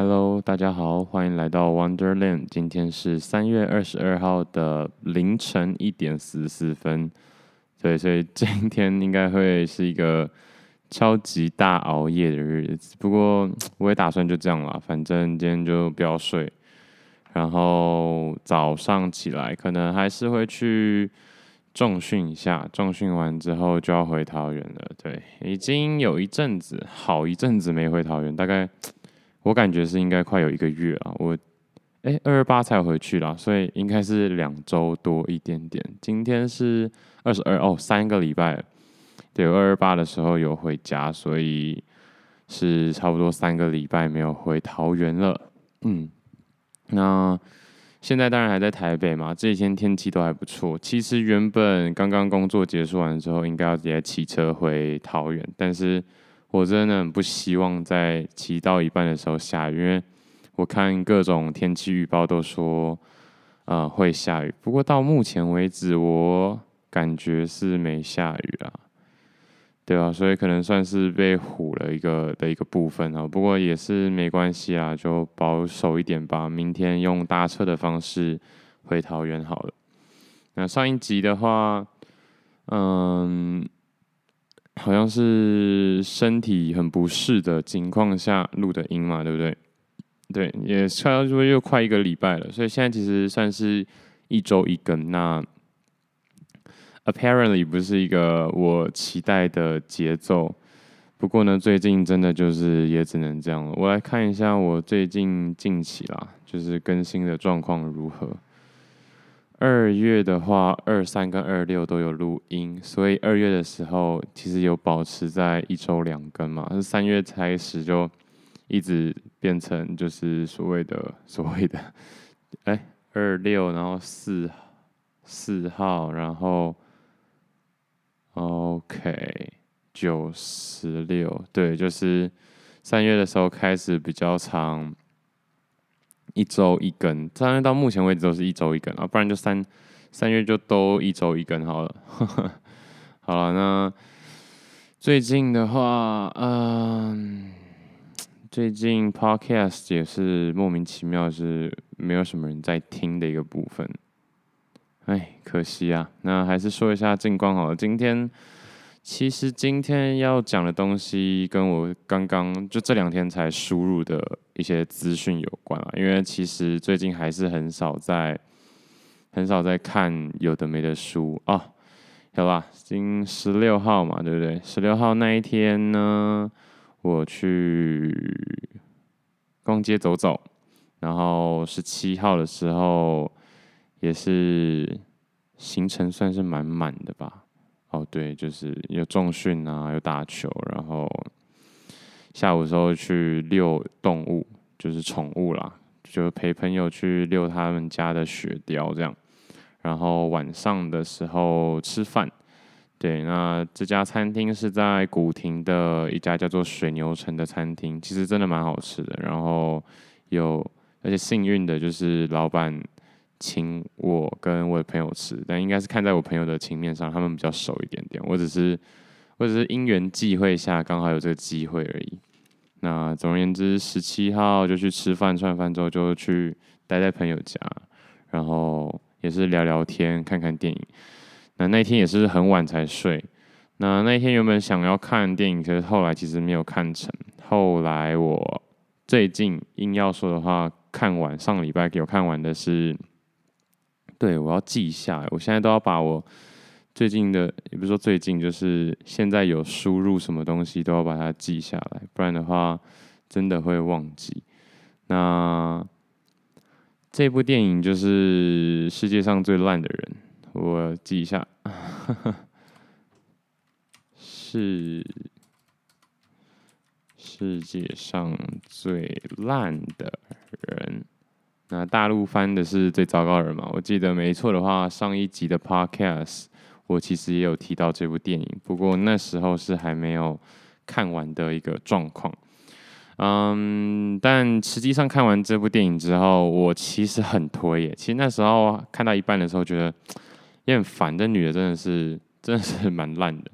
Hello，大家好，歡迎來到 Wonderland。今天是三月二十二號的凌晨一點四十四分，對，所以今天應該會是一個超級大熬夜的日子。不過我也打算就這樣了，反正今天就不要睡。然後早上起來，可能還是會去重訓一下。重訓完之後就要回桃園了。對，已經有一陣子，好一陣子沒回桃園，大概。我感覺是應該快有一個月啊，我，哎、欸，二二八才回去啦，所以應該是兩周多一點點。今天是二十二哦，三個禮拜，對，二二八的時候有回家，所以是差不多三個禮拜沒有回桃園了。嗯，那現在當然還在台北嘛，這幾天天氣都還不錯。其實原本剛剛工作結束完之後，應該要直接騎車回桃園，但是。我真的很不希望在騎到一半的時候下雨，因為我看各種天氣預報都說，啊，呃，會下雨。不過到目前為止，我感覺是沒下雨啊，對啊，所以可能算是被唬了一個的一個部分哦。不過也是沒關係啊，就保守一點吧。明天用搭車的方式回桃園好了。那上一集的話，嗯。好像是身體很不適的情況下錄的音嘛，對不對？對，也差不多又快一個禮拜了，所以現在其實算是一週一更。那 apparently 不是一個我期待的節奏。不過呢，最近真的就是也只能這樣了。我來看一下我最近近期啦，就是更新的狀況如何。二月的話，二三跟二六都有錄音，所以二月的時候其實有保持在一周兩更嘛。三月開始就一直變成就是所謂的所謂的，哎、欸，二六，然後四四號，然後 OK 九十六，對，就是三月的時候開始比較長。一周一更，當然到目前為止都是一周一更啊，不然就三三月就都一周一更好了。 好了、啊，那最近的話，嗯、呃，最近 podcast 也是莫名其妙是沒有什麼人在聽的一個部分，哎，可惜啊。那還是說一下近況好了。今天其實今天要講的東西，跟我剛剛就這兩天才輸入的一些資訊有關啊，因為其實最近還是很少在很少在看有的沒的書啊。好吧，今十六號嘛，對不對？十六號那一天呢，我去逛街走走。然後十七號的時候，也是行程算是滿滿的吧。哦，對，就是有重訓啊，有打球，然後。下午時候去遛動物，就是寵物啦，就是陪朋友去遛他們家的雪貂，這樣。然後晚上的時候吃飯，對，那這家餐廳是在古亭的一家叫做水牛城的餐廳，其實真的蠻好吃的。然後有，而且幸運的就是老闆請我跟我的朋友吃，但應該是看在我朋友的情面上，他們比較熟一點點，我只是，或者是因緣際會下，剛好有這個機會而已。那總而言之，十七號就去吃飯，吃完飯之後就去待在朋友家，然後也是聊聊天、看看電影。那那天也是很晚才睡。那那天原本想要看電影，可是後來其實沒有看成。後來我最近硬要說的話，看完上禮拜給我看完的是，對，我要記一下，我現在都要把我。最近的也不是說最近，就是現在有輸入什麼東西都要把它記下來，不然的話真的會忘記。那這部電影就是世界上最爛的人，我記一下， 是世界上最爛的人。那大陸翻的是最糟糕的人嘛？我記得沒錯的話，上一集的 Podcast。我其實也有提到這部電影，不過那時候是還沒有看完的一個狀況。嗯、um,，但實際上看完這部電影之後，我其實很推耶。其實那時候看到一半的時候，覺得也很煩，這女的真的是真的是蠻爛的。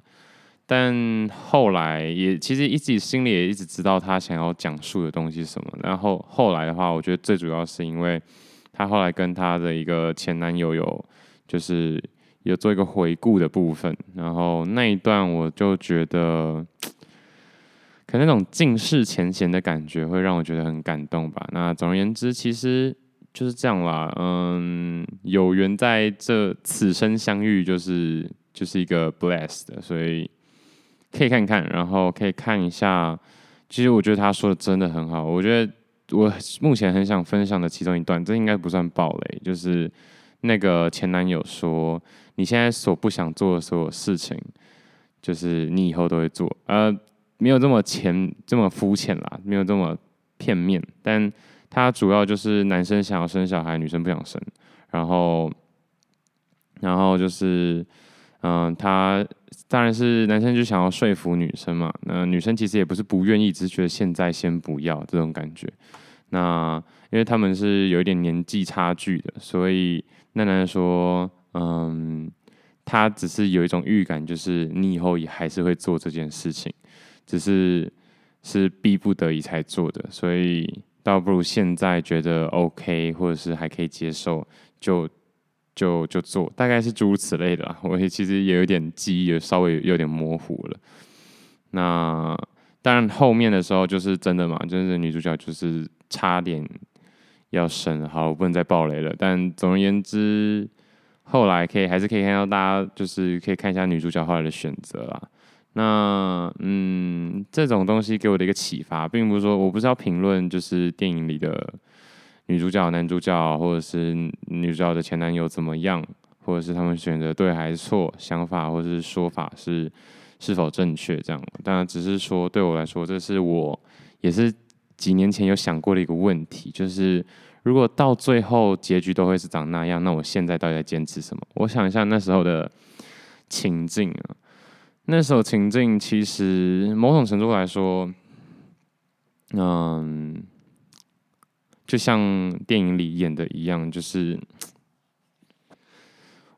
但後來也其實一直心裡也一直知道她想要講述的東西是什麼。然後後來的話，我覺得最主要是因為她後來跟她的一個前男友有就是。有做一個回顧的部分，然後那一段我就覺得，可能那種盡釋前嫌的感覺會讓我覺得很感動吧。那總而言之，其實就是這樣啦。嗯，有緣在這此生相遇，就是就是一個 bless 的，所以可以看看，然後可以看一下。其實我覺得他說的真的很好，我覺得我目前很想分享的其中一段，這應該不算爆雷，就是那個前男友說。你現在所不想做的所有事情，就是你以後都會做。呃，沒有這麼淺這麼膚淺啦，沒有這麼片面。但他主要就是男生想要生小孩，女生不想生。然後，然後就是，嗯、呃，他當然是男生就想要說服女生嘛。那女生其實也不是不願意，只是覺得現在先不要這種感覺。那因為他們是有一點年紀差距的，所以那男的說。嗯，他只是有一種預感，就是你以後也還是會做這件事情，只是是逼不得已才做的，所以倒不如現在覺得 OK，或者是還可以接受，就就就做，大概是諸如此類的啦。我其實也有點記憶，也稍微有點模糊了。那但後面的時候就是真的嘛，就是女主角就是差點要生，好，我不能再爆雷了。但總而言之。後來可以還是可以看到大家就是可以看一下女主角後來的選擇了。那嗯，這種東西給我的一個啟發，並不是說我不知道評論就是電影裡的女主角、男主角，或者是女主角的前男友怎麼樣，或者是他們選擇對還是錯，想法或者是說法是是否正確這樣。當然，只是說對我來說，這是我也是。幾年前有想過的一個問題，就是如果到最後結局都會是長那樣，那我現在到底在堅持什麼？我想一下那時候的情境啊，那時候情境其實某種程度來說，嗯，就像電影裡演的一樣，就是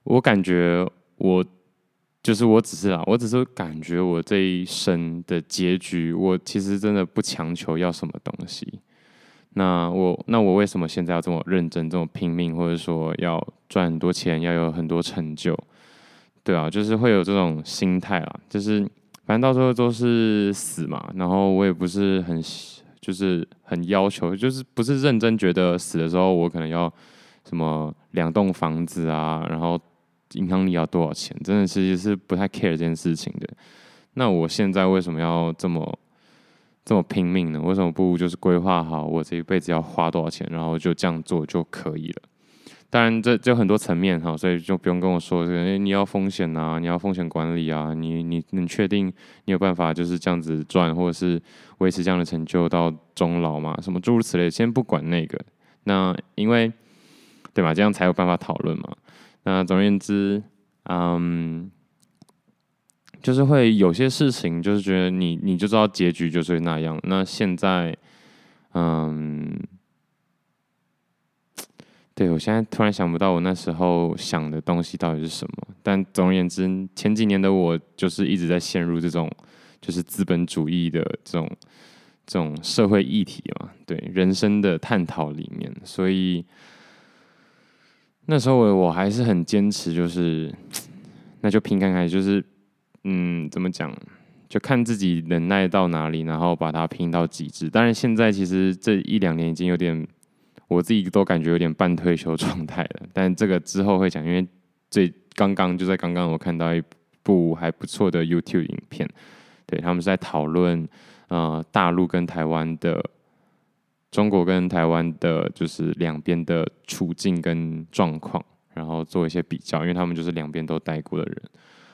我感覺我。就是我只是啦，我只是感覺我這一生的結局，我其實真的不強求要什麼東西。那我那我為什麼現在要這麼認真、這麼拼命，或者說要賺很多錢、要有很多成就？對啊，就是會有這種心態啦。就是反正到時候都是死嘛，然後我也不是很，就是很要求，就是不是認真覺得死的時候，我可能要什麼兩棟房子啊，然後。銀行裡要多少錢？真的其實是不太 care 這件事情的。那我現在為什麼要這麼這麼拼命呢？為什麼不就是規劃好我這一輩子要花多少錢，然後就這樣做就可以了？當然這，這就很多層面哈，所以就不用跟我說這個，你要風險啊，你要風險管理啊，你你你確定你有辦法就是這樣子賺，或者是維持這樣的成就到終老嗎？什麼諸如此類，先不管那個。那因為對吧？這樣才有辦法討論嘛。那、啊、總而言之，嗯，就是會有些事情，就是覺得你你就知道結局就是會那樣。那現在，嗯，對，我現在突然想不到我那時候想的東西到底是什麼。但總而言之，前幾年的我就是一直在陷入這種就是資本主義的這種這種社會議題嘛，對人生的探討裡面，所以。那時候我我還是很堅持，就是那就拼看看，就是嗯，怎麼講，就看自己能耐到哪裡，然後把它拼到極致。但是現在其實這一兩年已經有點，我自己都感覺有點半退休狀態了。但這個之後會講，因為最剛剛就在剛剛，我看到一部還不錯的 YouTube 影片，對，他們是在討論呃大陸跟台灣的。中國跟台灣的，就是兩邊的處境跟狀況，然後做一些比較，因為他們就是兩邊都待過的人。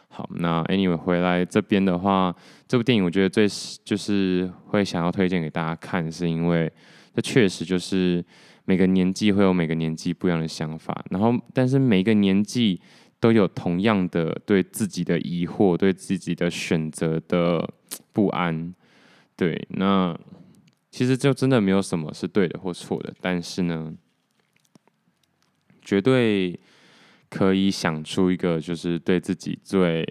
好，那 anyway，回來這邊的話，這部電影我覺得最就是會想要推薦給大家看，是因為這確實就是每個年紀會有每個年紀不一樣的想法，然後但是每一個年紀都有同樣的對自己的疑惑、對自己的選擇的不安。對，那。其實就真的沒有什麼是對的或錯的，但是呢，絕對可以想出一個就是對自己最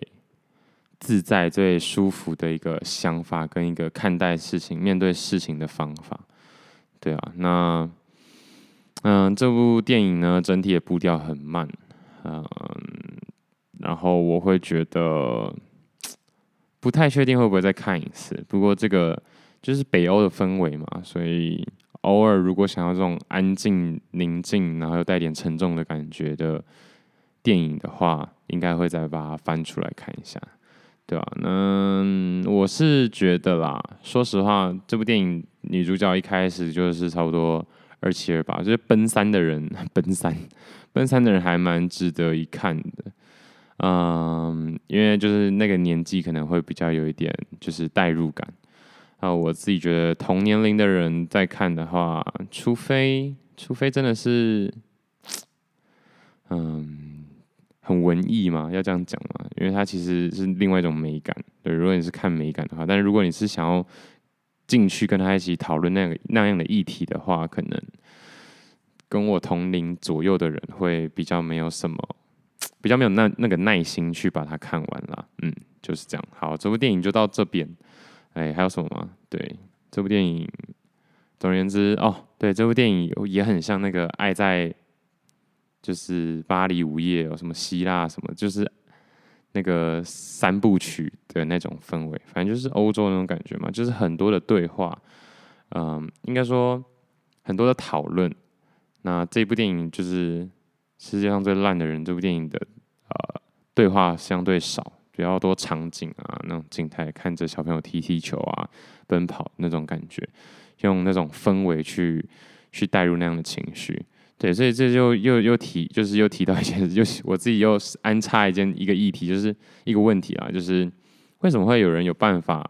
自在、最舒服的一個想法跟一個看待事情、面對事情的方法。對啊，那嗯、呃，這部電影呢，整體的步調很慢，嗯、呃，然後我會覺得不太確定會不會再看一次，不過這個。就是北歐的氛圍嘛，所以偶爾如果想要這種安靜、寧靜，然後又帶點沉重的感覺的電影的話，應該會再把它翻出來看一下，對啊，嗯，我是覺得啦，說實話，這部電影女主角一開始就是差不多二七二八，就是奔三的人，奔三，奔三的人還蠻值得一看的。嗯，因為就是那個年紀可能會比較有一點就是代入感。那我自己覺得同年齡的人在看的話，除非除非真的是，嗯，很文藝嘛，要這樣講嘛，因為它其實是另外一種美感。對，如果你是看美感的話，但如果你是想要進去跟他一起討論那個那樣的議題的話，可能跟我同齡左右的人會比較沒有什麼，比較沒有那那個耐心去把它看完啦。嗯，就是這樣。好，這部電影就到這邊。哎、欸，還有什麼嗎？對，這部電影，總而言之，哦，對，這部電影也很像那個《愛在》，就是巴黎午夜，有什麼希臘什麼，就是那個三部曲的那種氛圍，反正就是歐洲那種感覺嘛，就是很多的對話，嗯、呃，應該說很多的討論。那這部電影就是《世界上最爛的人》這部電影的，呃，對話相對少。比較多場景啊，那種景台看着小朋友踢踢球啊，奔跑那種感覺，用那種氛圍去去帶入那樣的情緒，對，所以這就又又，又提，就是又提到一件事，就是我自己又安插一件一個議題，就是一個問題啊，就是為什麼會有人有辦法，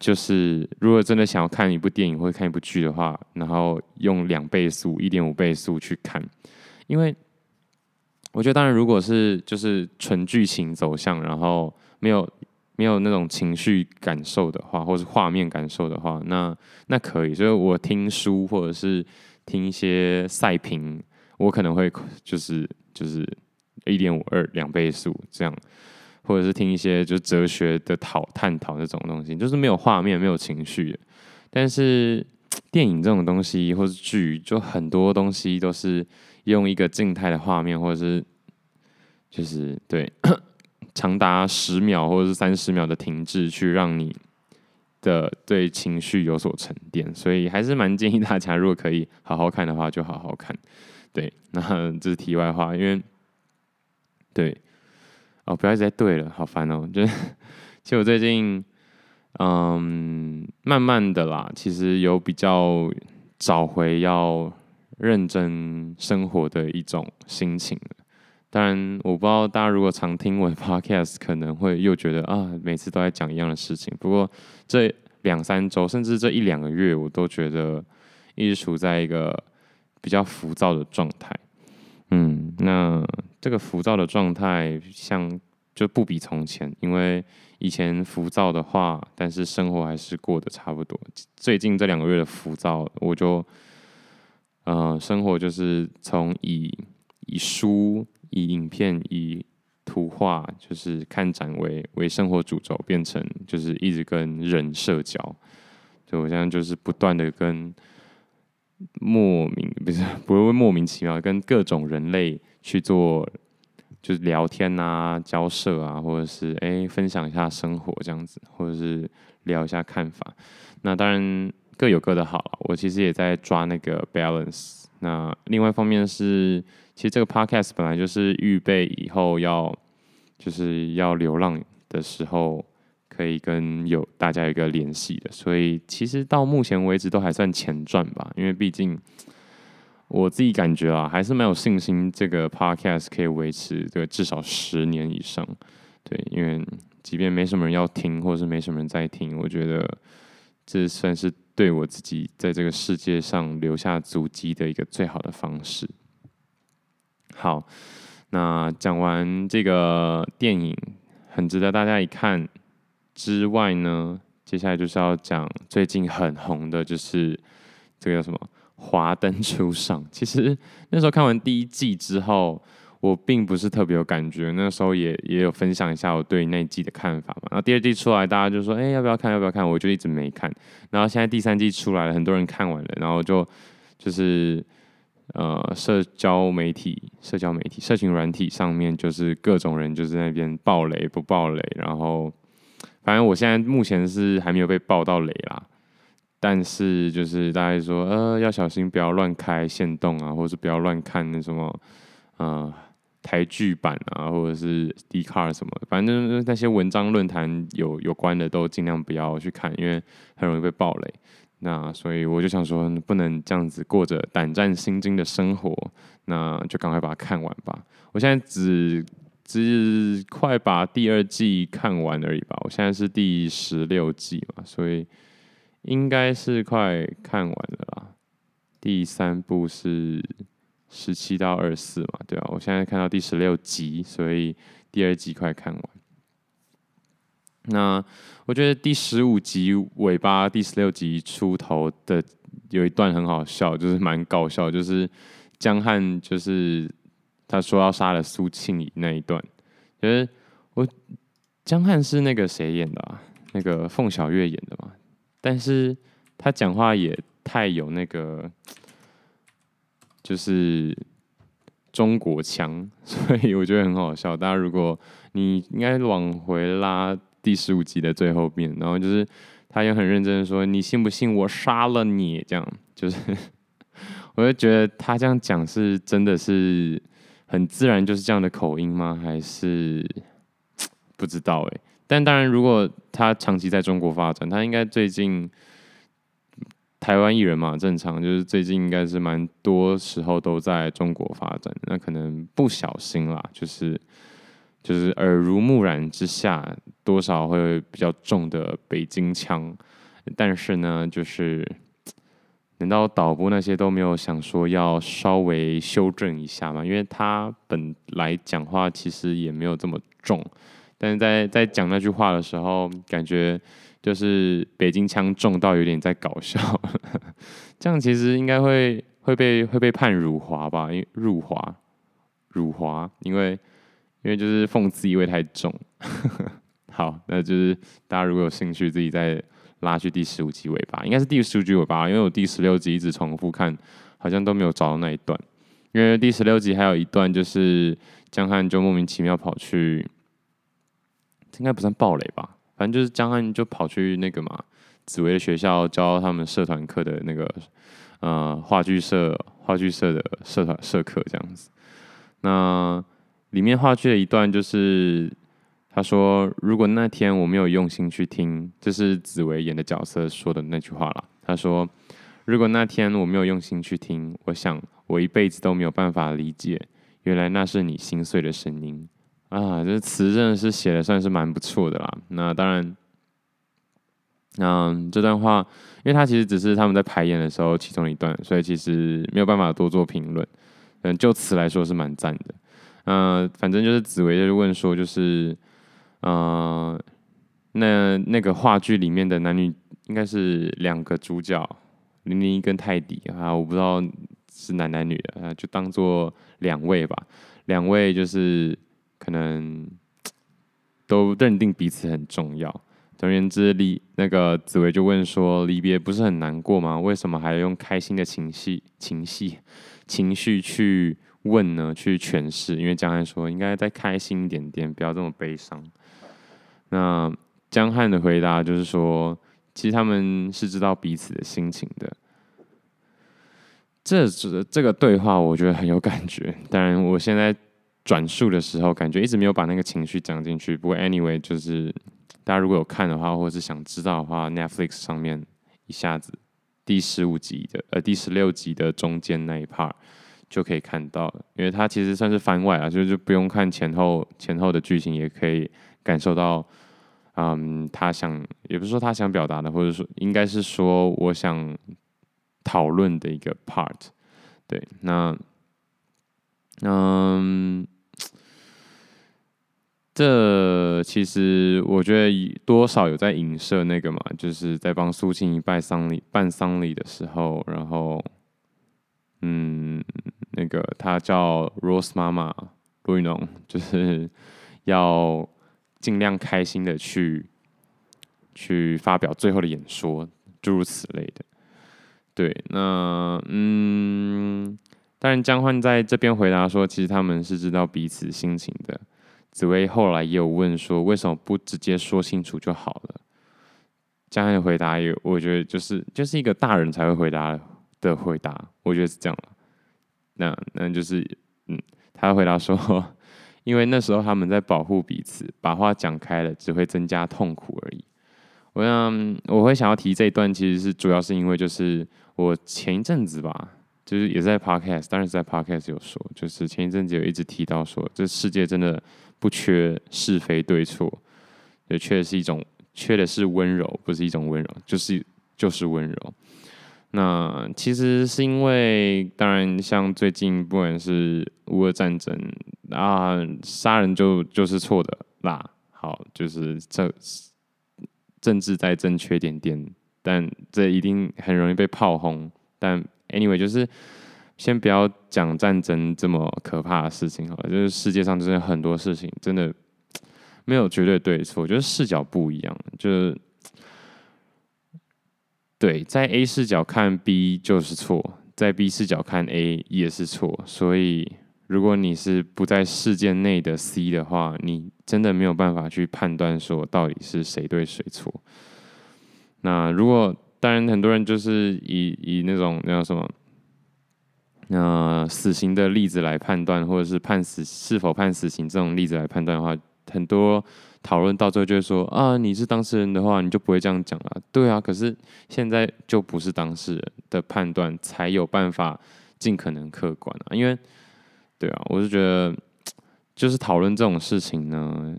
就是如果真的想要看一部電影或看一部劇的話，然後用兩倍速、一點五倍速去看，因為。我覺得當然，如果是就是純劇情走向，然後沒有沒有那種情緒感受的話，或是畫面感受的話，那那可以。所以我聽書或者是聽一些賽評，我可能會就是就是一點五二兩倍速，這樣，或者是聽一些就是哲學的討探討這種東西，就是沒有畫面，沒有情緒。但是電影這種東西或是劇，就很多東西都是。用一個靜態的畫面，或者是就是對 長達十秒或者是三十秒的停滯，去讓你的對情緒有所沉澱。所以還是蠻建議大家，如果可以好好看的話，就好好看。對，那這是題外話，因為對哦，不要再對了，好煩哦。就是其實我最近嗯，慢慢的啦，其實有比較找回要。認真生活的一種心情。當然，我不知道大家如果常聽我的 podcast，可能會又覺得啊，每次都在講一樣的事情。不過這兩三周，甚至這一兩個月，我都覺得一直處在一個比較浮躁的狀態。嗯，那這個浮躁的狀態，像就不比從前，因為以前浮躁的話，但是生活還是過得差不多。最近這兩個月的浮躁，我就。呃，生活就是從以以書、以影片、以圖畫，就是看展為為生活主軸，變成就是一直跟人社交。就我現在就是不斷的跟莫名不是不會莫名其妙跟各種人類去做，就是聊天吶、啊、交涉啊，或者是哎、欸、分享一下生活這樣子，或者是聊一下看法。那當然。各有各的好，我其實也在抓那個 balance。那另外一方面是，其實這個 podcast 本來就是預備以後要就是要流浪的時候可以跟有大家有一個聯繫的，所以其實到目前為止都還算前傳吧。因為畢竟我自己感覺啊，還是蠻有信心這個 podcast 可以維持這個至少十年以上。對，因為即便沒什麼人要聽，或者是沒什麼人在聽，我覺得這算是。對我自己在這個世界上留下足跡的一個最好的方式。好，那講完這個電影很值得大家一看之外呢，接下來就是要講最近很紅的，就是這個叫什麼《華燈初上》。其實那時候看完第一季之後。我並不是特別有感覺，那時候也也有分享一下我對那一季的看法嘛。那第二季出來，大家就說，哎、欸，要不要看？要不要看？我就一直沒看。然後現在第三季出來了，很多人看完了，然後就就是呃，社交媒體、社交媒體、社群軟體上面，就是各種人就是那邊爆雷不爆雷，然後反正我現在目前是還沒有被爆到雷啦。但是就是大家說，呃，要小心，不要亂開限動啊，或者是不要亂看那什麼，啊、呃。台劇版啊，或者是 Dcard 什麼的，反正是那些文章論壇有有關的，都儘量不要去看，因為很容易被爆雷。那所以我就想說，不能這樣子過着膽戰心驚的生活，那就趕快把它看完吧。我現在只只快把第二季看完而已吧。我現在是第十六季嘛，所以應該是快看完了啦。第三部是。十七到二十四嘛，對吧、啊？我現在看到第十六集，所以第二集快看完，那我覺得第十五集尾巴、第十六集出頭的有一段很好笑，就是蠻搞笑，就是江漢就是他說要殺了蘇慶儀那一段。就是我江漢是那個誰演的、啊？那個鳳小岳演的嘛？但是他講話也太有那個。就是中國腔，所以我覺得很好笑。大家如果你應該往回拉第十五集的最後面，然後就是他也很認真的說：“你信不信我殺了你？”這樣就是，我就覺得他這樣講是真的是很自然，就是這樣的口音嗎？還是不知道哎、欸。但當然，如果他長期在中國發展，他應該最近。台灣藝人嘛，正常就是最近應該是蠻多時候都在中國發展。那可能不小心啦，就是就是耳濡目染之下，多少會比較重的北京腔。但是呢，就是難道導播那些都沒有想說要稍微修正一下嗎？因為他本來講話其實也沒有這麼重，但是在在講那句話的時候，感覺。就是北京腔重到有點在搞笑，， 這樣其實應該會會被會被判辱華吧？因為辱華，辱華，因為因為就是諷刺意味太重。 好，那就是大家如果有興趣，自己再拉去第十五集尾巴，應該是第十五集尾巴，因為我第十六集一直重複看，好像都沒有找到那一段。因為第十六集還有一段，就是江漢就莫名其妙跑去，應該不算爆雷吧。反正就是江漢就跑去那個嘛，紫薇學校教他們社團課的那個，呃，話劇社話劇社的社團社課這樣子。那裡面話劇的一段就是他說：“如果那天我沒有用心去聽，這、就是紫薇演的角色說的那句話啦。”他說：“如果那天我沒有用心去聽，我想我一輩子都沒有辦法理解，原來那是你心碎的聲音。”啊，這、就、詞、是、真的是寫的算是蠻不錯的啦。那當然，嗯、啊，這段話，因為他其實只是他們在排演的時候其中一段，所以其實沒有辦法多做評論。嗯，就詞來說是蠻讚的。嗯、啊，反正就是紫薇就問說，就是嗯、啊，那那個話劇裡面的男女應該是兩個主角，零零一跟泰迪啊，我不知道是男男女的、啊，就當做兩位吧。兩位就是。可能都認定彼此很重要。總而言之，離那個紫薇就問說：“離別不是很難過嗎？為什麼還要用開心的情緒、情緒、情緒去問呢？去詮釋？因為江漢說應該再開心一點點，不要這麼悲傷。”那江漢的回答就是說：“其實他們是知道彼此的心情的。這”這這這個對話我覺得很有感覺。當然，我現在。轉述的時候，感覺一直沒有把那個情緒講進去。不過，anyway，就是大家如果有看的話，或者是想知道的話，Netflix 上面一下子第十五集的呃第十六集的中間那一 part 就可以看到了。因為它其實算是番外啊，就就不用看前後前後的劇情，也可以感受到嗯，他想也不是說他想表達的，或者說應該是說我想討論的一個 part。對，那嗯。這其實我覺得多少有在影射那個嘛，就是在幫蘇慶儀拜喪禮、辦喪禮的時候，然後，嗯，那個他叫 Rose 媽媽，羅雨濃，就是要盡量開心的去去發表最後的演說，諸如此類的。對，那嗯，但是江瀚在這邊回答說，其實他們是知道彼此心情的。紫薇後來也有問說：“為什麼不直接說清楚就好了？”這樣的回答，也我覺得就是就是一個大人才會回答的回答，我覺得是這樣了。那那就是，嗯，他回答說：“因為那時候他們在保護彼此，把話講開了只會增加痛苦而已。”我想我會想要提這一段，其實是主要是因為就是我前一陣子吧，就是也是在 Podcast，當然在 Podcast 有說，就是前一陣子有一直提到說，這世界真的。不缺是非對錯，也缺的是一種缺的是溫柔，不是一種溫柔，就是就是溫柔。那其實是因為，當然像最近不管是烏俄戰爭啊，殺人就就是錯的啦。好，就是這政治再正確一點點，但這一定很容易被炮轟。但 anyway 就是。先不要講戰爭這麼可怕的事情好吧，就是世界上真的很多事情，真的沒有絕對對錯。就是視角不一樣，就是對，在 A 視角看 B 就是錯，在 B 視角看 A 也是錯。所以，如果你是不在事件內的 C 的話，你真的沒有辦法去判斷說到底是誰對誰錯。那如果當然，很多人就是以以那種叫什麼？那死刑的例子來判斷，或者是判死是否判死刑這種例子來判斷的話，很多討論到最後就會說：啊，你是當事人的話，你就不會這樣講了，啊。對啊，可是現在就不是當事人的判斷才有辦法盡可能客觀啊。因為，對啊，我是覺得，就是討論這種事情呢，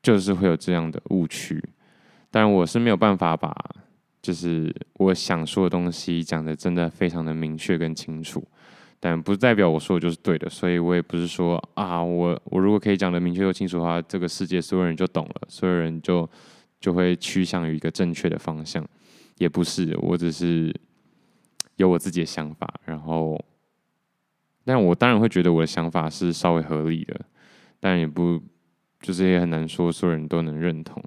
就是會有這樣的誤區。但我是沒有辦法把，就是我想說的東西講的真的非常的明確跟清楚。但不代表我說的就是對的，所以我也不是說啊，我我如果可以講的明確又清楚的話，這個世界所有人就懂了，所有人就就會趨向於一個正確的方向，也不是，我只是有我自己的想法，然後，但我當然會覺得我的想法是稍微合理的，但也不就是也很難說所有人都能認同。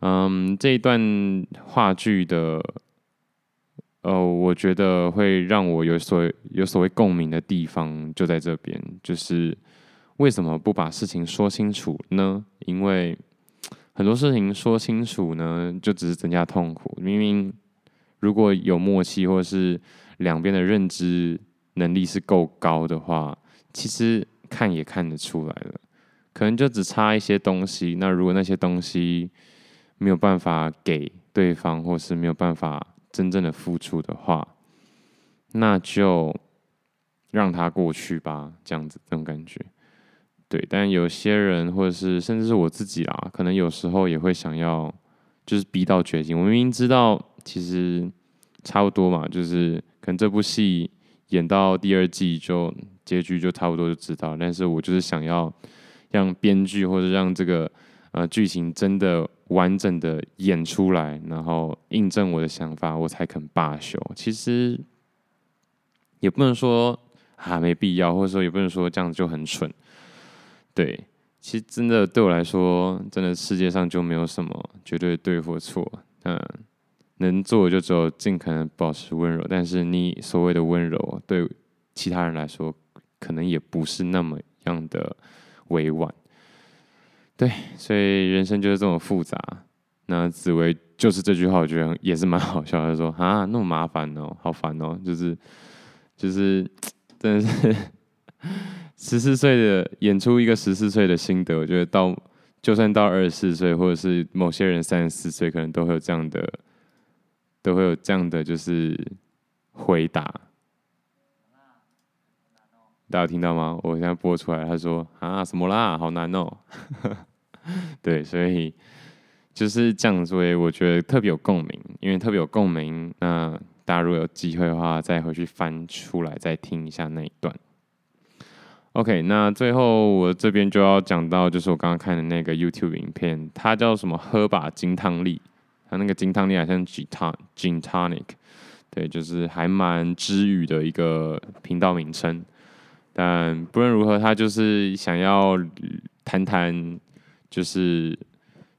嗯，這一段話劇的。哦，oh, 我覺得會讓我有所有所謂共鳴的地方就在這邊，就是為什麼不把事情說清楚呢？因為很多事情說清楚呢，就只是增加痛苦。明明如果有默契，或是兩邊的認知能力是夠高的話，其實看也看得出來了，可能就只差一些東西。那如果那些東西沒有辦法給對方，或是沒有辦法真正的付出的話，那就讓他過去吧。這樣子，這種感覺，對。但有些人，或者是甚至是我自己啦，可能有時候也會想要，就是逼到絕境。我明明知道，其實差不多嘛，就是可能這部戲演到第二季就結局就差不多就知道。但是我就是想要讓編劇，或者讓這個。呃，劇情真的完整的演出來，然後印證我的想法，我才肯罷休。其實也不能說啊沒必要，或者說也不能說這樣子就很蠢。對，其實真的對我來說，真的世界上就沒有什麼絕對對或錯。嗯，能做就只有盡可能保持溫柔，但是你所謂的溫柔，對其他人來說，可能也不是那麼樣的委婉。對，所以人生就是這麼複雜。那紫薇就是這句話，我覺得也是蠻好笑。他說：“啊，那麼麻煩哦、喔，好煩哦。”就是，就是，真的是十四歲的演出一個十四歲的心得。我覺得到，就算到二十四歲，或者是某些人三十四歲，可能都會有這樣的，都會有這樣的就是回答。大家聽到嗎？我現在播出來。他說：“啊，什麼啦？好難哦、喔。 ” 對，所以就是這樣，所以我覺得特別有共鳴，因為特別有共鳴。那大家如果有機會的話，再回去翻出來再聽一下那一段。OK，那最後我這邊就要講到，就是我剛剛看的那個 YouTube 影片，它叫什麼？喝 n 金湯力，它那個金湯力好像 Ging tonic 對，就是還蠻治癒的一個頻道名稱。但不論如何，他就是想要談談。就是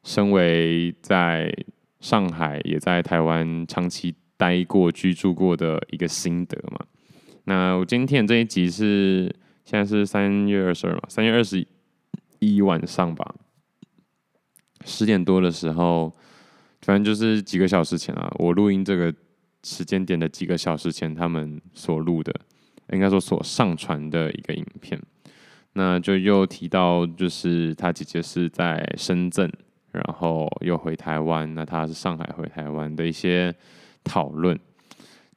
身為在上海也在台灣長期待過居住過的一個心得嘛。那我今天的這一集是現在是三月二十二嘛，三月二十一晚上吧，十點多的時候，反正就是幾個小時前啊，我錄音這個時間點的幾個小時前，他們所錄的，應該說所上傳的一個影片。那就又提到，就是他姐姐是在深圳，然後又回台灣，那他是上海回台灣的一些討論。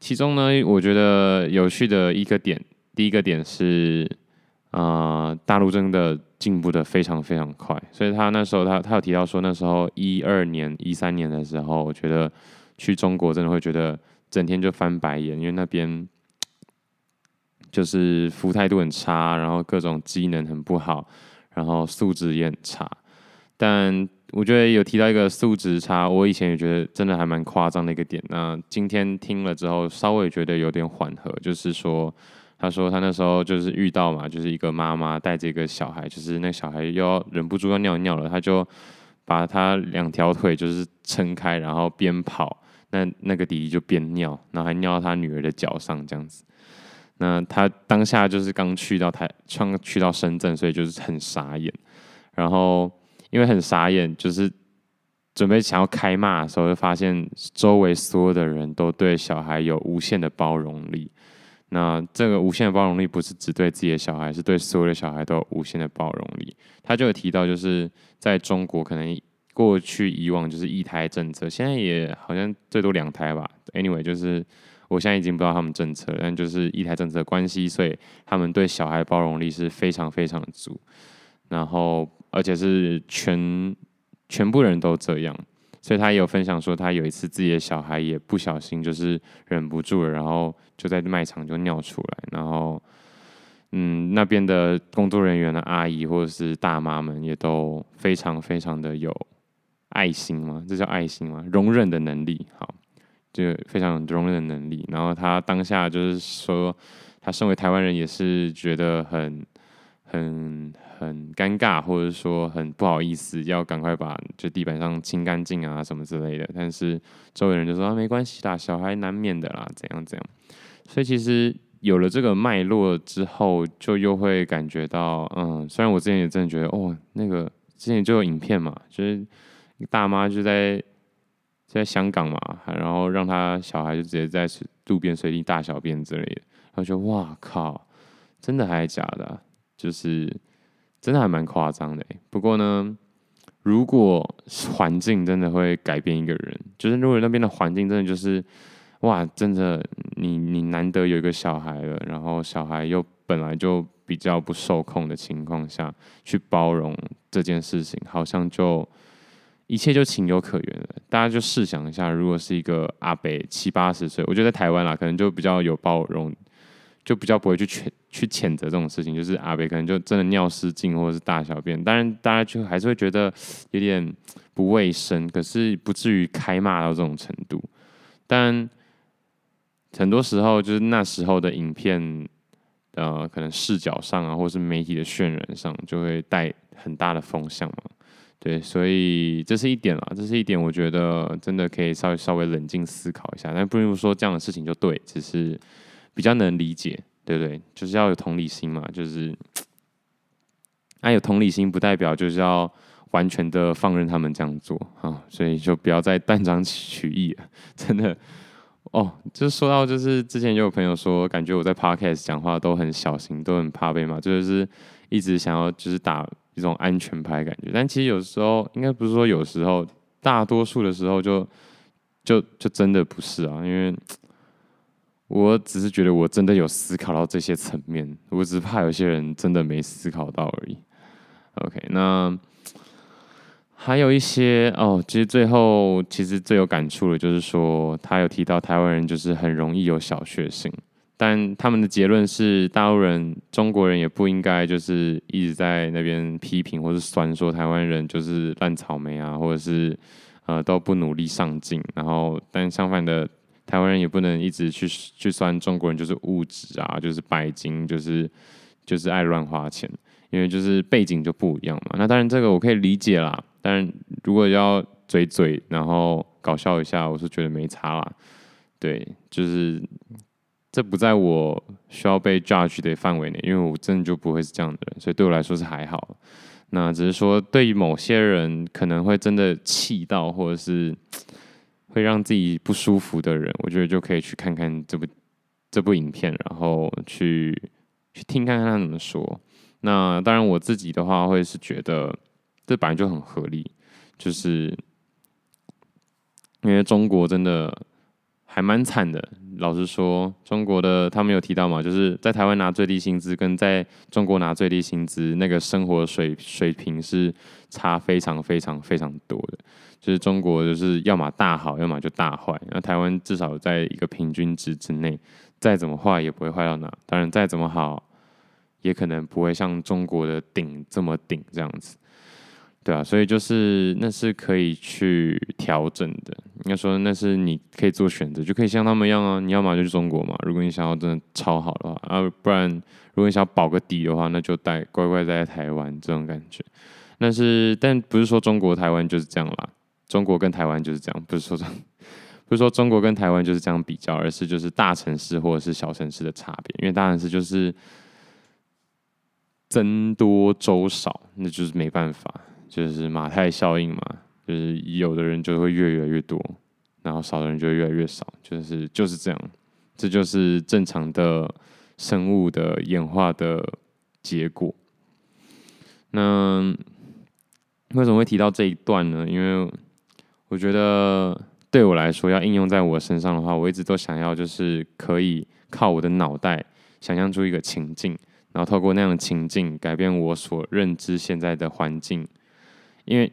其中呢，我覺得有趣的一個點，第一個點是，啊、呃，大陸真的進步的非常非常快。所以他那時候他他有提到說，那時候一二年、一三年的時候，我覺得去中國真的會覺得整天就翻白眼，因為那邊。就是服務態度很差，然後各種機能很不好，然後素質也很差。但我覺得有提到一個素質差，我以前也覺得真的還蠻誇張的一個點。那今天聽了之後，稍微覺得有點緩和，就是說，他說他那時候就是遇到嘛，就是一個媽媽帶着一個小孩，就是那小孩要忍不住要尿尿了，他就把他兩條腿就是撐開，然後邊跑，那那個弟弟就邊尿，然後還尿到他女兒的腳上這樣子。那他當下就是剛去到台，剛去到深圳，所以就是很傻眼。然後因為很傻眼，就是準備想要開罵的時候，就發現周圍所有的人都對小孩有無限的包容力。那這個無限的包容力不是只對自己的小孩，是對所有的小孩都有無限的包容力。他就有提到，就是在中國可能過去以往就是一胎政策，現在也好像最多兩胎吧。Anyway，就是。我現在已經不知道他們政策，但就是一胎政策的關係，所以他們對小孩包容力是非常非常的足，然後而且是全全部人都這樣，所以他也有分享說，他有一次自己的小孩也不小心，就是忍不住了，然後就在賣場就尿出來，然後嗯，那邊的工作人員的阿姨或者是大媽們也都非常非常的有愛心嘛，這叫愛心嘛，容忍的能力好，就非常容忍能力，然後他當下就是說，他身為台灣人也是覺得很很很尷尬，或者說很不好意思，要趕快把就地板上清乾淨啊什麼之類的。但是周圍人就說啊，沒關係啦，小孩難免的啦，怎樣怎樣。所以其實有了這個脈絡之後，就又會感覺到，嗯，雖然我之前也真的覺得，哦，那個之前就有影片嘛，就是大媽就在。在香港嘛，然後讓他小孩就直接在路邊隨地大小便之類的，他覺得哇靠，真的還是假的啊？就是真的還蠻誇張的。不過呢，如果環境真的會改變一個人，就是如果那邊的環境真的就是哇，真的你你難得有一個小孩了，然後小孩又本來就比較不受控的情況下，去包容這件事情，好像就。一切就情有可原了。大家就試想一下，如果是一個阿北七八十歲，我覺得在台灣啦，可能就比較有包容，就比較不會去譴去譴責這種事情。就是阿北可能就真的尿失禁或者是大小便，當然大家就還是會覺得有點不衛生，可是不至於開罵到這種程度。但很多時候就是那時候的影片的，呃，可能視角上啊，或是媒體的渲染上，就會帶很大的風向嘛。對，所以這是一點啦，這是一點，我覺得真的可以稍微稍微冷靜思考一下。但不如說這樣的事情就對，只是比較能理解，對不對？就是要有同理心嘛，就是，那、呃、有同理心不代表就是要完全的放任他們這樣做啊，所以就不要再斷章取義了。真的，哦，就是說到，就是之前就有朋友說，感覺我在 podcast 講話都很小心，都很怕被罵，就，就是一直想要就是打。一種安全牌的感覺，但其實有時候應該不是說有時候，大多數的時候就就就真的不是啊，因為我只是覺得我真的有思考到這些層面，我只怕有些人真的沒思考到而已。OK，那還有一些哦，其實最後其實最有感觸的就是說，他有提到台灣人就是很容易有小確幸。但他們的結論是，大陸人、中國人也不應該就是一直在那邊批評或是酸說台灣人就是爛草莓啊，或者是呃都不努力上進。然後，但相反的，台灣人也不能一直去去酸中國人就是物質啊，就是拜金，就是就是愛亂花錢，因為就是背景就不一樣嘛。那當然這個我可以理解啦。但如果要嘴嘴，然後搞笑一下，我是覺得沒差啦。對，就是。這不在我需要被 judge 的範圍內，因為我真的就不會是這樣的人，所以對我來說是還好。那只是說，對於某些人可能會真的氣到，或者是會讓自己不舒服的人，我覺得就可以去看看這部這部影片，然後去去聽看看他怎麼說。那當然，我自己的話會是覺得這本來就很合理，就是因為中國真的。還蠻慘的，老實說，中國的他們有提到嘛，就是在台灣拿最低薪資跟在中國拿最低薪資，那個生活水水平是差非常非常非常多的。就是中國就是要麼大好，要麼就大壞。那台灣至少在一個平均值之內，再怎麼壞也不會壞到哪。當然，再怎麼好，也可能不會像中國的頂這麼頂這樣子。對啊，所以就是那是可以去調整的。應該說那是你可以做選擇，就可以像他們一樣啊。你要麼就去中國嘛，如果你想要真的超好的話啊；不然，如果你想要保個底的話，那就待乖乖待在台灣這種感覺。但是，但不是說中國台灣就是這樣啦。中國跟台灣就是這樣，不是說這樣，不是說中國跟台灣就是這樣比較，而是就是大城市或者是小城市的差別。因為大城市就是僧多粥少，那就是沒辦法。就是馬太效應嘛，就是有的人就會越越來越多，然後少的人就會越來越少，就是就是這樣，這就是正常的生物的演化的結果。那為什麼會提到這一段呢？因為我覺得對我來說，要應用在我身上的話，我一直都想要就是可以靠我的腦袋想象出一個情境，然後透過那樣的情境改變我所認知現在的環境。因為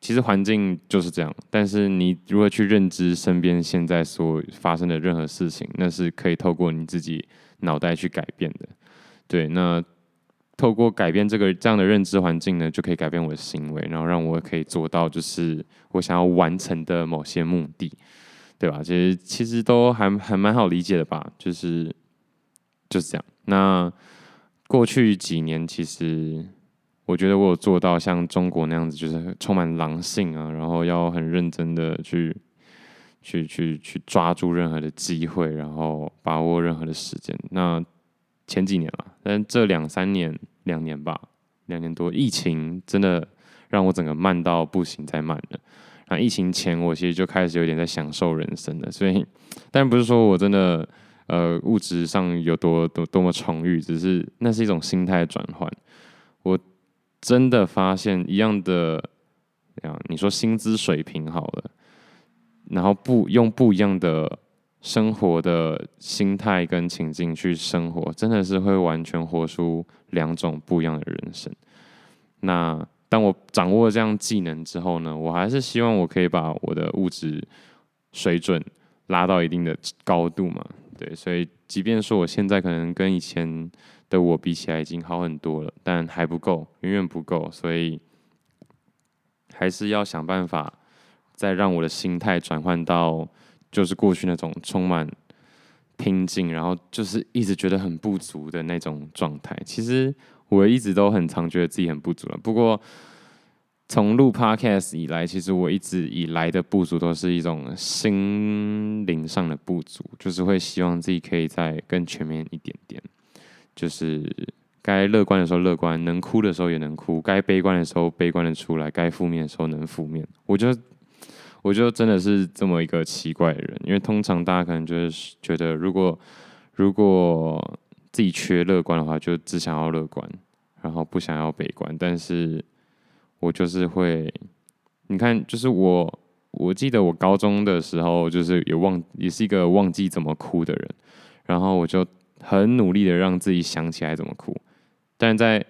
其實環境就是這樣，但是你如何去認知身邊現在所發生的任何事情，那是可以透過你自己腦袋去改變的。對，那透過改變這個這樣的認知環境呢，就可以改變我的行為，然後讓我可以做到就是我想要完成的某些目的，對吧？其實其實都還還蠻好理解的吧，就是就是這樣。那過去幾年其實。我覺得我有做到像中國那樣子，就是充滿狼性啊，然後要很認真的去，去去去抓住任何的機會，然後把握任何的時間。那前幾年了，但這兩三年兩年吧，兩年多，疫情真的讓我整個慢到不行，再慢的。然後疫情前，我其實就開始有點在享受人生了。所以，但不是說我真的呃物質上有多多多麼充裕，只是那是一種心態轉換。我。真的發現一樣的，你說薪資水平好了，然後不用不一樣的生活的心態跟情境去生活，真的是會完全活出兩種不一樣的人生。那當我掌握這樣技能之後呢，我還是希望我可以把我的物質水準拉到一定的高度嘛。對，所以即便說我現在可能跟以前。的我比起來已經好很多了，但還不夠，遠遠不夠，所以還是要想辦法再讓我的心態轉換到就是過去那種充滿拼勁，然後就是一直覺得很不足的那種狀態。其實我一直都很常覺得自己很不足了，不過從錄 Podcast 以來，其實我一直以來的不足都是一種心靈上的不足，就是會希望自己可以再更全面一點點。就是該樂觀的時候樂觀，能哭的時候也能哭；該悲觀的時候悲觀得出來，該負面的時候能負面。我覺得，我就真的是這麼一個奇怪的人。因為通常大家可能就是覺得，如果如果自己缺樂觀的話，就只想要樂觀，然後不想要悲觀。但是，我就是會，你看，就是我，我記得我高中的時候，就是有忘，也是一個忘記怎麼哭的人，然後我就。很努力的讓自己想起來怎麼哭，但在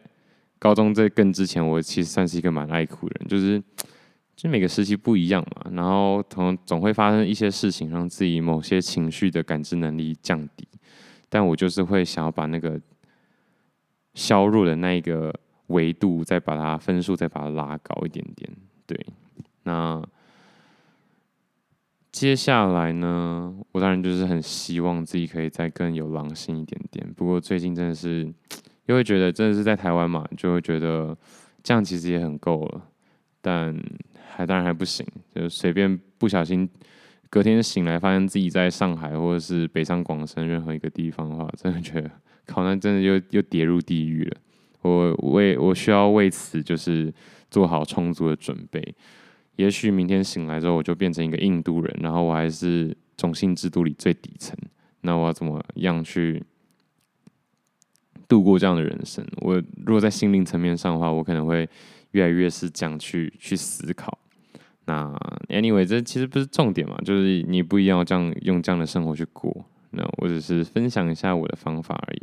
高中在更之前，我其實算是一個蠻愛哭的人，就是就每個時期不一樣嘛，然後總總會發生一些事情，讓自己某些情緒的感知能力降低，但我就是會想要把那個削弱的那一個維度，再把它分數再把它拉高一點點，對，那。接下來呢，我當然就是很希望自己可以再更有狼性一點點。不過最近真的是，又會覺得真的是在台灣嘛，就會覺得這樣其實也很夠了。但還當然還不行，就隨便不小心，隔天醒來發現自己在上海或者是北上廣深任何一個地方的話，真的覺得可能真的又又跌入地獄了。我為我，我需要為此就是做好充足的準備。也許明天醒來之後，我就變成一個印度人，然後我還是種姓制度裡最底層。那我要怎麼樣去度過這樣的人生？我如果在心靈層面上的話，我可能會越來越是這樣去去思考。那 anyway，這其實不是重點嘛，就是你不一定要這樣用這樣的生活去過。那我只是分享一下我的方法而已。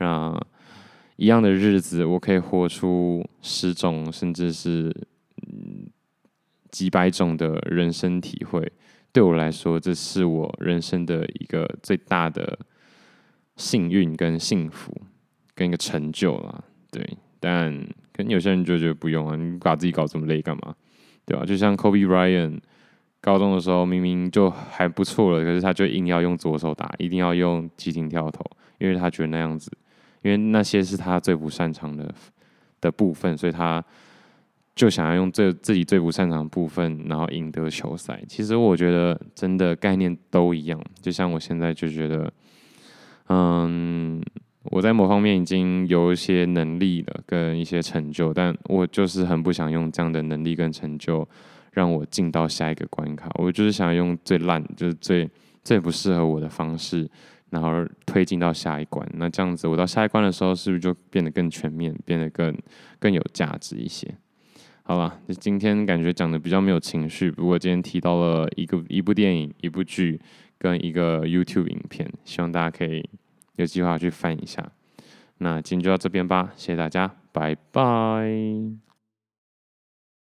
那一樣的日子我可以活出十種，甚至是嗯。幾百種的人生體會，對我來說，這是我人生的一個最大的幸運跟幸福，跟一個成就了。對，但可能有些人就覺得不用啊，你把自己搞這麼累幹嘛？對吧？就像 Kobe Bryant 高中的時候，明明就還不錯了，可是他就硬要用左手打，一定要用急停跳投，因為他覺得那樣子，因為那些是他最不擅長的的部分，所以他。就想要用最自己最不擅長的部分，然後贏得球賽。其實我覺得真的概念都一樣，就像我現在就覺得，嗯，我在某方面已經有一些能力了，跟一些成就，但我就是很不想用這樣的能力跟成就讓我進到下一個關卡。我就是想用最爛，就是最最不適合我的方式，然後推進到下一關。那這樣子，我到下一關的時候，是不是就變得更全面，變得更更有價值一些？好了，那今天感覺講的比較沒有情緒，不過今天提到了一個一部電影、一部劇跟一個 YouTube 影片，希望大家可以有計劃去翻一下。那今天就到這邊吧，謝謝大家，拜拜。